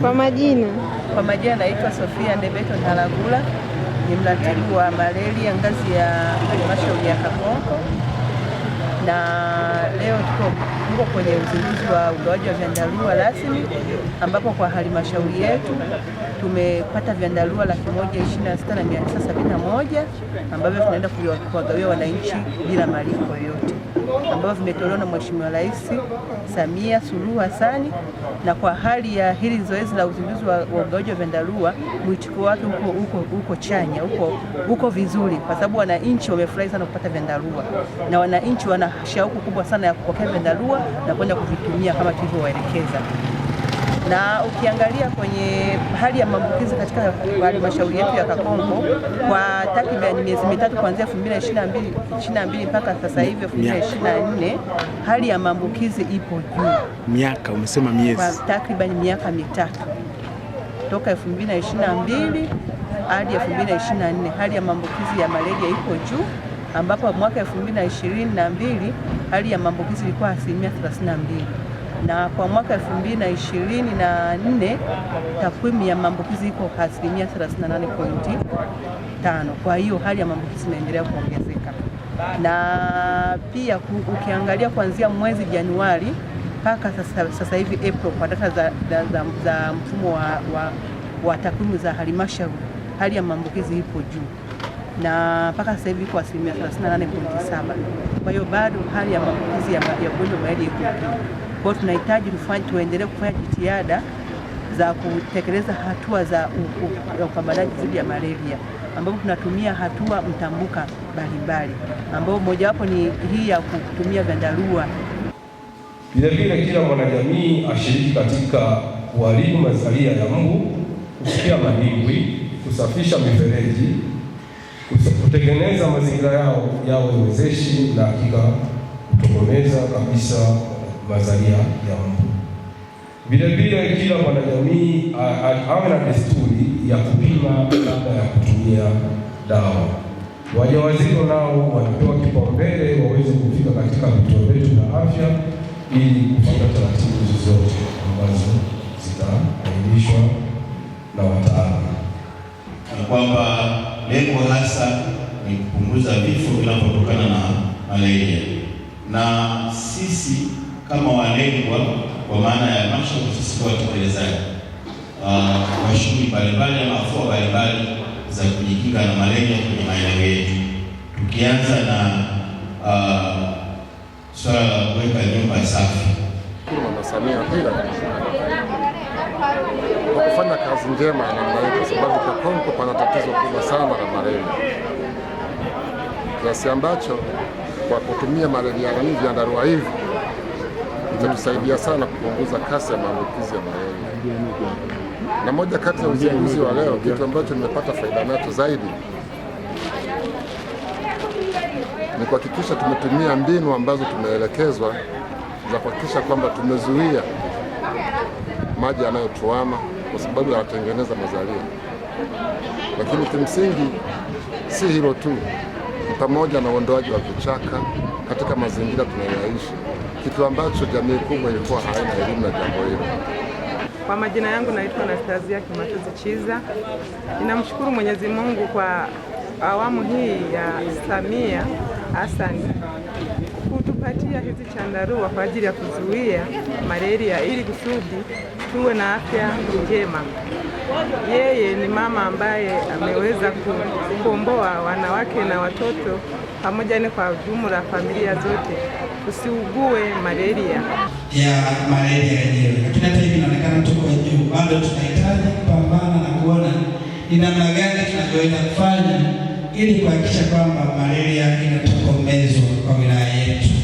Kwa majina, kwa majina naitwa Sofia Ndebeto Ntalagula, ni mratibu wa malaria ngazi ya halmashauri ya Kakonko, na leo tuko tuko kwenye uzinduzi wa ugawaji wa vyandarua rasmi ambapo kwa halmashauri yetu tumepata vyandarua laki moja ishirini na sita na mia tisa sabini na moja ambavyo tunaenda kuwagawia wananchi bila malipo yoyote ambavyo vimetolewa na Mheshimiwa Rais Samia Suluhu Hassan. Na kwa hali ya hili zoezi la uzinduzi wa ugawaji wa vyandarua, mwitiko wake uko, uko, uko chanya uko, uko vizuri, kwa sababu wananchi wamefurahi sana kupata vyandarua na wananchi wana shauku kubwa sana ya kupokea vyandarua na kwenda kuvitumia kama tulivyowaelekeza. Na ukiangalia kwenye hali ya maambukizi katika halmashauri yetu ya Kakonko kwa takriban miezi mitatu kuanzia 2022 mpaka sasa hivi 2024, hali ya maambukizi ipo juu. Miaka umesema miezi, kwa takriban miaka mitatu toka 2022 hadi 2024, hali ya maambukizi ya malaria ipo juu ambapo mwaka na na mbili hali ya maambukizi ilikuwa asilimia thelathini na kwa mwaka 2shirini nne takwimu ya maambukizi iko asilimia tano Kwa hiyo hali ya maambukizi inaendelea kuongezeka, na pia ukiangalia kuanzia mwezi Januari mpaka sasa, sasa hivi April kwa data za, za, za, za mfumo wa, wa, wa takwimu za halmashauri hali ya maambukizi ipo juu na mpaka sasa hivi iko asilimia 38.7. Kwa hiyo bado hali ya maambukizi ya ugonjwa wa malaria iko juu. Kwa hiyo tunahitaji tuendelee kufanya jitihada za kutekeleza hatua za upambanaji dhidi ya malaria ambapo tunatumia hatua mtambuka mbalimbali, ambao mojawapo ni hii ya kutumia gandarua. Vilevile kila mwanajamii ashiriki katika kuharibu mazalia ya mbu, kusikia madimbwi, kusafisha mifereji kutengeneza mazingira yao yao wezeshi na hakika kutokomeza kabisa mazalia ya mbu. Vile vile kila mwanajamii awe na desturi ya kupima kabla ya kutumia dawa. Wajawazito nao wanapewa kipaumbele waweze kufika katika vituo vyetu vya afya ili kufuata taratibu zozote ambazo zitaainishwa na wataalamu, na kwamba lengo hasa ni kupunguza vifo vinavyotokana na malaria, na sisi kama walengwa kwa maana ya halmashauri, sisi uh, kwa watekelezaji wa shughuli mbalimbali ama afua mbalimbali za kujikinga na malaria kwenye maeneo yetu, tukianza na uh, swala la kuweka nyumba safi kufanya kazi njema namna hiyo, kwa sababu kwa Kongo pana tatizo kubwa sana la malaria kiasi ambacho kwa kutumia malaliani vyandarua hivi itatusaidia sana kupunguza kasi ya maambukizi ya malaria. Na moja kati ya uzinduzi wa leo, kitu ambacho nimepata faida nacho zaidi ni kuhakikisha tumetumia mbinu ambazo tumeelekezwa za kuhakikisha kwamba tumezuia maji yanayotuama kwa sababu yanatengeneza mazalia. Lakini kimsingi si hilo tu pamoja na uondoaji wa vichaka katika mazingira tunayoishi, kitu ambacho jamii kubwa ilikuwa haina elimu na jambo hilo. Kwa majina yangu naitwa Anastazia Kimatuzi Chiza. Ninamshukuru Mwenyezi Mungu kwa awamu hii ya Samia Hassan tumewapatia hizi chandarua kwa ajili ya kuzuia malaria ili kusudi tuwe na afya njema. Yeye ni mama ambaye ameweza kukomboa wanawake na watoto pamoja na kwa jumla familia zote usiugue malaria ya malaria yenyewe. Lakini hata hivi inaonekana tuko juu, bado tunahitaji kupambana na kuona ni namna gani tunavyoweza kufanya ili kuhakikisha kwamba malaria inatokomezwa kwa wilaya yetu.